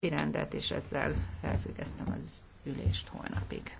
rendet, és ezzel felfüggesztem az ülést holnapig.